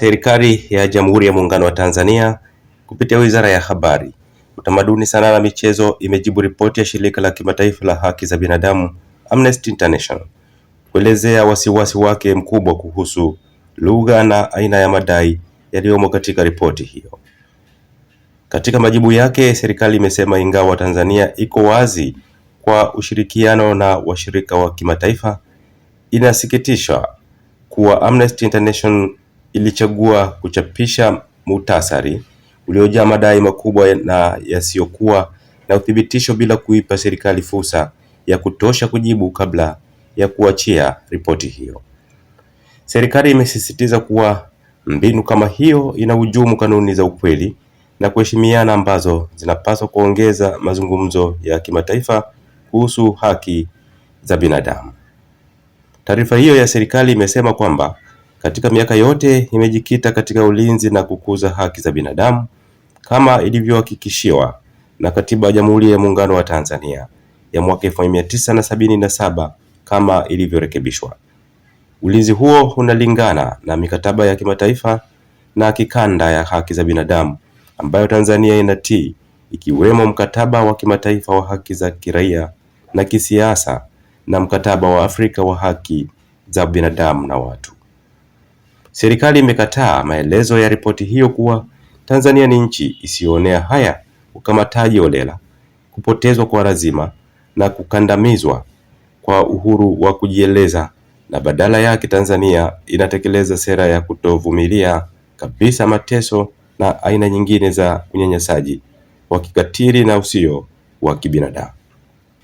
Serikali ya Jamhuri ya Muungano wa Tanzania kupitia Wizara ya Habari, Utamaduni, Sanaa na Michezo imejibu ripoti ya shirika la kimataifa la haki za binadamu Amnesty International kuelezea wasiwasi wake mkubwa kuhusu lugha na aina ya madai yaliyomo katika ripoti hiyo. Katika majibu yake, serikali imesema ingawa Tanzania iko wazi kwa ushirikiano na washirika wa kimataifa, inasikitishwa kuwa Amnesty International ilichagua kuchapisha muhtasari uliojaa madai makubwa na yasiyokuwa na uthibitisho bila kuipa serikali fursa ya kutosha kujibu kabla ya kuachia ripoti hiyo. Serikali imesisitiza kuwa mbinu kama hiyo inahujumu kanuni za ukweli na kuheshimiana ambazo zinapaswa kuongeza mazungumzo ya kimataifa kuhusu haki za binadamu. Taarifa hiyo ya serikali imesema kwamba katika miaka yote imejikita katika ulinzi na kukuza haki za binadamu kama ilivyohakikishiwa na Katiba ya Jamhuri ya Muungano wa Tanzania ya mwaka elfu moja mia tisa na sabini na saba kama ilivyorekebishwa. Ulinzi huo unalingana na mikataba ya kimataifa na kikanda ya haki za binadamu ambayo Tanzania inatii ikiwemo mkataba wa kimataifa wa haki za kiraia na kisiasa na mkataba wa Afrika wa haki za binadamu na watu. Serikali imekataa maelezo ya ripoti hiyo kuwa Tanzania ni nchi isiyoonea haya ukamataji holela, kupotezwa kwa lazima na kukandamizwa kwa uhuru wa kujieleza, na badala yake Tanzania inatekeleza sera ya kutovumilia kabisa mateso na aina nyingine za unyanyasaji wa kikatili na usio wa kibinadamu.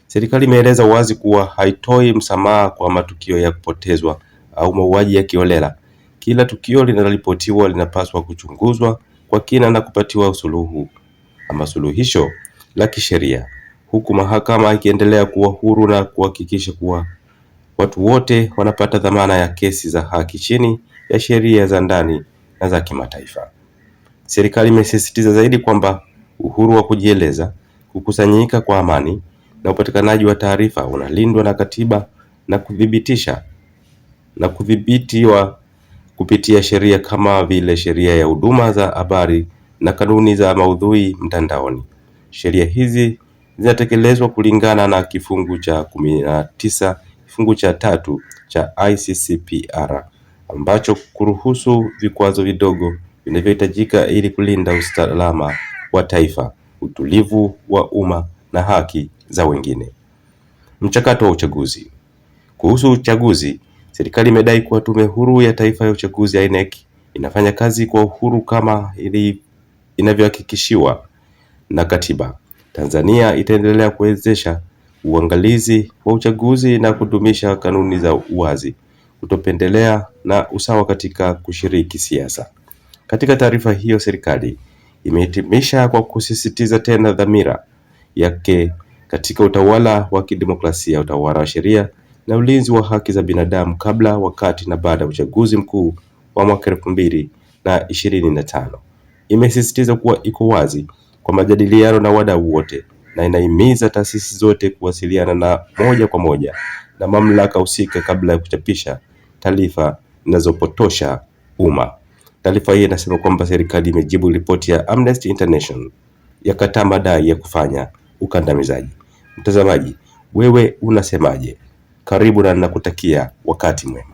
Serikali imeeleza wazi kuwa haitoi msamaha kwa matukio ya kupotezwa au mauaji ya kiholela kila tukio linaloripotiwa linapaswa kuchunguzwa kwa kina na kupatiwa suluhu ama suluhisho la kisheria, huku mahakama ikiendelea kuwa huru na kuhakikisha kuwa watu wote wanapata dhamana ya kesi za haki chini ya sheria za ndani na za kimataifa. Serikali imesisitiza zaidi kwamba uhuru wa kujieleza, kukusanyika kwa amani na upatikanaji wa taarifa unalindwa na katiba na kuthibitisha na kudhibitiwa kupitia sheria kama vile sheria ya huduma za habari na kanuni za maudhui mtandaoni. Sheria hizi zinatekelezwa kulingana na kifungu cha kumi na tisa kifungu cha tatu cha ICCPR ambacho kuruhusu vikwazo vidogo vinavyohitajika ili kulinda usalama wa taifa, utulivu wa umma na haki za wengine. Mchakato wa uchaguzi. Kuhusu uchaguzi Serikali imedai kuwa Tume Huru ya Taifa ya Uchaguzi INEC inafanya kazi kwa uhuru kama inavyohakikishiwa na katiba. Tanzania itaendelea kuwezesha uangalizi wa uchaguzi na kudumisha kanuni za uwazi, kutopendelea na usawa katika kushiriki siasa. Katika taarifa hiyo, serikali imehitimisha kwa kusisitiza tena dhamira yake katika utawala wa kidemokrasia, utawala wa sheria na ulinzi wa haki za binadamu kabla, wakati na baada ya uchaguzi mkuu wa mwaka elfu mbili na ishirini na tano. Imesisitiza kuwa iko wazi kwa majadiliano na wadau wote na inahimiza taasisi zote kuwasiliana na moja kwa moja na mamlaka husika kabla ya kuchapisha taarifa zinazopotosha umma. Taarifa hii inasema kwamba serikali imejibu ripoti ya Amnesty International yakataa madai ya kufanya ukandamizaji. Mtazamaji, wewe unasemaje? Karibu na ninakutakia wakati mwema.